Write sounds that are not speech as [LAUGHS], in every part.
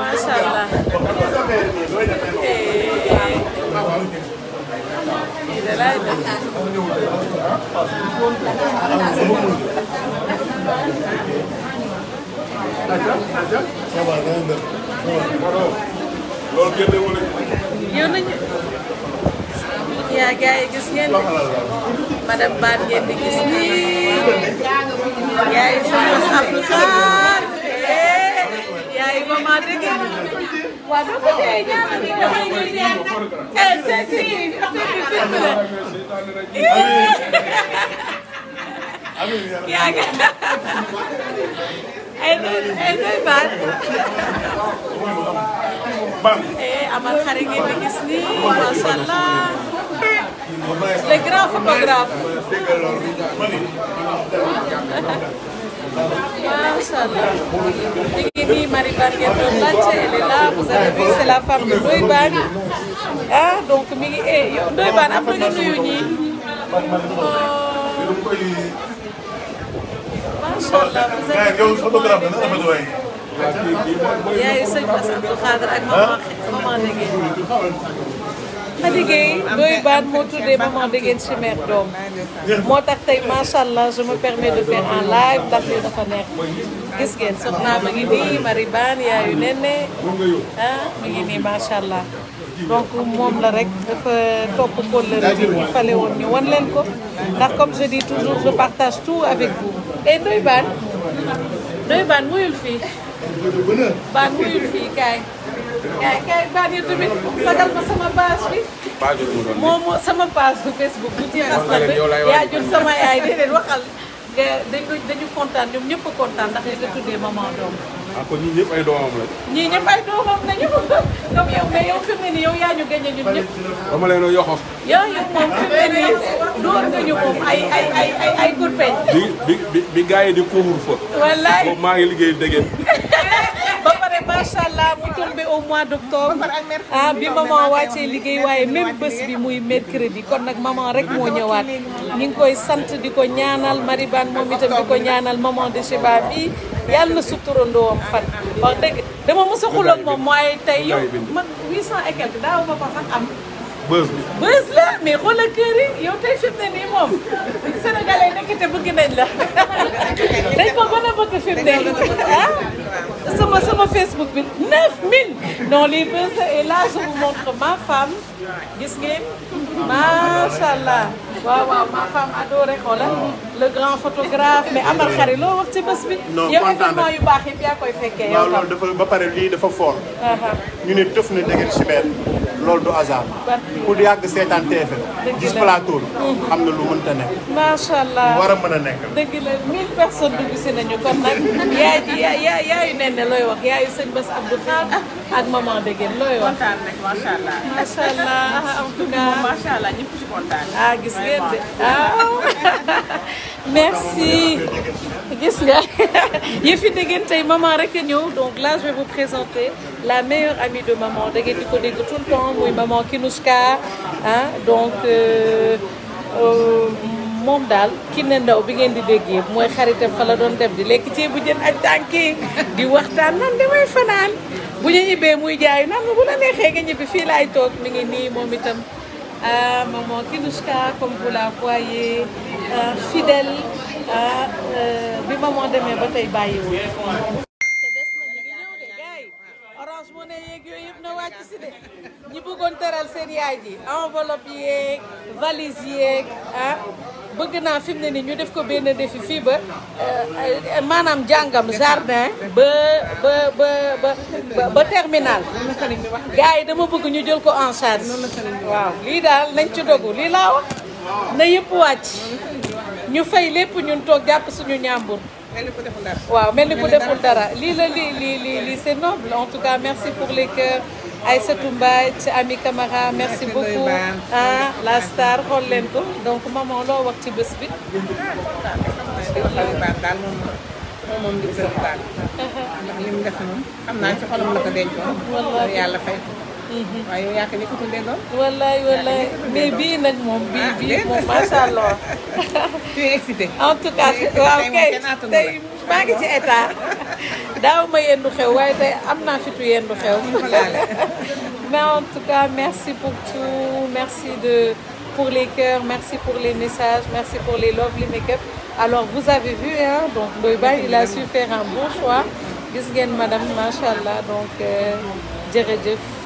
macha allah. lii de laay def. yow yaa gars yi gis ngeen madame Bane ngeen di gis nii. gars yi soxna Abdou Khadre yi ba maa dégg waaw doo ko dee ñaanal ñu dafay ñu ñaan eh c'est si affaire bi film la. yaa ngi ay doy ay doy baal. amal xare ngeen di gis nii macha allah le grand photographe. Marie elle est là, vous avez vu, c'est la femme de Ndoye Bane. ah donc mi ngi eh yow Ndoye Bane am na nga nuyu ñii. Oh. macha allah vous eh, avez vu yow. yaayu sëñ Bass Abdou Khadre ak maman maman Ndege. Khady Gueye doy baan moo tuddee maman déggeen si mère doom moo tax tey macha allah je me permets de faire en live ndax lii dafa neex gis ngeen soxnaa ma ngi nii Marie Bane yaayu nenne ah ma ngi allah donc moom la rek dafa topp kóllëre bi il fallait woon ñu leen ko ndax comme je dis toujours je partage tout avec vous et doy baan doy baan muyul fii baan yaa ngi kay baat yi tamit sagal ma sama page bi. moom moo sama page bu Facebook yaa jur sama yaay déedéet waxal dañu kontaan ñoom ñëpp a kontaan ndax li nga tuddee maman doom. ah kon ñii ñëpp ay doomam lañ. ñii ñëpp ay doomam nañu comme yow mais yow fi yow yaa ñu gagné ñun ñëpp. dama leen a yoxo. yow yow moom fi mu door nga moom ay ay ay ay ay gurpeñ. bi bi bi gars di couvre-feu. wallaay maa ngi liggéey dégg macha allah mu tombé au mois d' octobre ah bi maman wàccee liggéey waaye même bés bi muy mercredi kon nag maman rek moo ñëwaat ñu ngi koy sant di ko ñaanal Maribane moom itam di ko ñaanal maman de Cheba bi yàlla na suturandoom fan wax dëgg dama mos a xuloon moom mooy tey yow man 800 et quelque daaw ma ko sax am. bës bi bës la mais xoolal kër yi yow tey fim ne nii moom sénégalais nekkite bëgg nañ la [LAUGHS] dañ ko gën a bëgg fim ne ah sama sama Facebook bi 9000 dans les buzz et là je vous montre ma femme gis ngeen macha allah waaw waaw ma femme adorée xoolal. le grand photographe mais Amar Khary loo wax ci bés bi. non kontaan ba pare lii dafa fort. Uh-huh. ñu ne tëf du hasard. ku gis plateau bi. Mm-hmm. xam na lu allah war a mën a nekk. gis ngeen de ah. [LAUGHS] merci gis nga [LAUGHS] yëfi déggeen tey maman rek a ñëw donc la je vais présenter la meilleure amie de maman da di ko dégg tout le temps muy maman Kinouska ah donc euh, euh, moom daal ki ne ndaw bi ngeen di dégg mooy xaritam fa la doon dem di lekk ceebu jën ak tànki di waxtaan nan damay fanaan bu ñu ñibbee muy jaay nan bu la neexee nga ñibbi fii laay toog mi ngi nii moom itam ah maman Kinouska comme vous la voyez Euh, fidèle ah bi ma moo demee ba tey bàyyiwul. te na wàcc si de ñi bëggoon teral seen yaay ji enveloppe yeeg valise yeeg ah bëgg naa fi ne nii ñu def ko benn défi fii ba euh, maanaam jàngam jardin ba ba ba ba terminal gars yi dama bëgg ñu jël ko en charge waaw lii daal nañ ci dogu lii laa wax. na yëpp wàcc ñu fay lépp ñun toog jàpp suñu ñàmbur. waaw mel ni ku deful dara lii la lii lii c'est noble en tout cas merci pour les cœurs Aïssatou Mbaye ci Ami Camara merci beaucoup ah la star xool leen ko donc maman loo wax ci bés bi. Ah, moom [LAUGHS] la waaye yow yaa ko nekkatul delloo. wallaay wallaay mais bii nag moom. bii ah, bii moom macha allah. [LAUGHS] tu es excité. en tout cas waaw kay tey maa ngi ci état daaw ma yendu xew waaye tey am naa fitu yendu xew. [LAUGHS] mais en tout cas merci pour tout merci de pour les cœurs merci pour les messages merci pour les love les make-up alors vous avez vu hein donc Ndoye Bane il a su faire un bon choix gis ngeen madame macha allah donc euh, jërëjëf.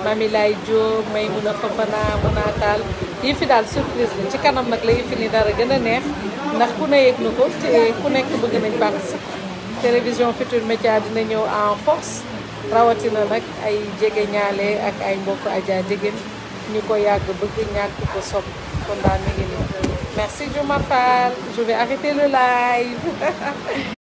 Mami Lay Diop Maymouna Fofana Monatal yi fi daal surprise la ci kanam nag la yëfi ni dara gën a neex ndax ku ne yëg na ko te ku nekk bëgg nañ participer télévision Futurs Médias dina ñëw en force rawatina nag ay jege ñaale ak ay mbokk aja jegéen ñu ko yàgg bëgg ñàkk ko sopp kon daal mi nii merci Diouma je vais arrêter le live [LAUGHS]